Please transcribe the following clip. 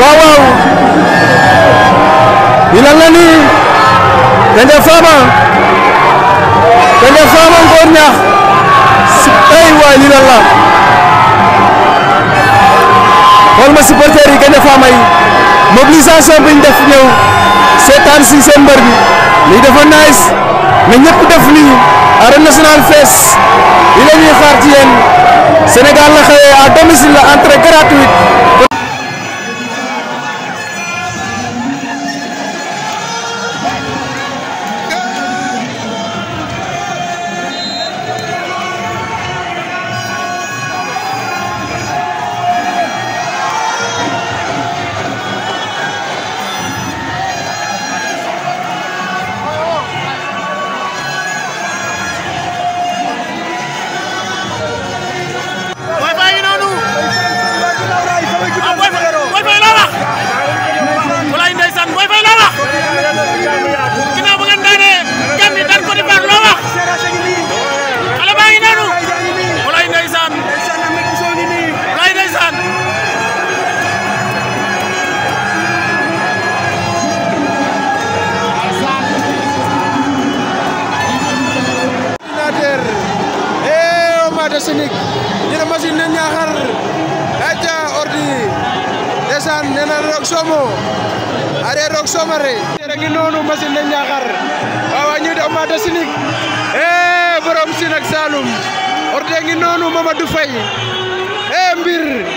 waaw Bilang bilal na sama Gandia sama Gandia Fama Ngor Ñaax si ay waay lii lan la xool ma supporter yi Gandia Fama yi si seen ini bi lii dafa nice na ñëpp def lii arène nationale fees yi la ñuy xaar ci yéen Sénégal la xëyee à sinig ñu ne machine ne ñaaxar aca ordi ndeysaan nee na roog soomo are roog soomare regi noonu machine ne ñaaxar waawa ñu de o maada sinig e eh, borom Sine ak Saloum ngi noonu Mamadou Faye e mbir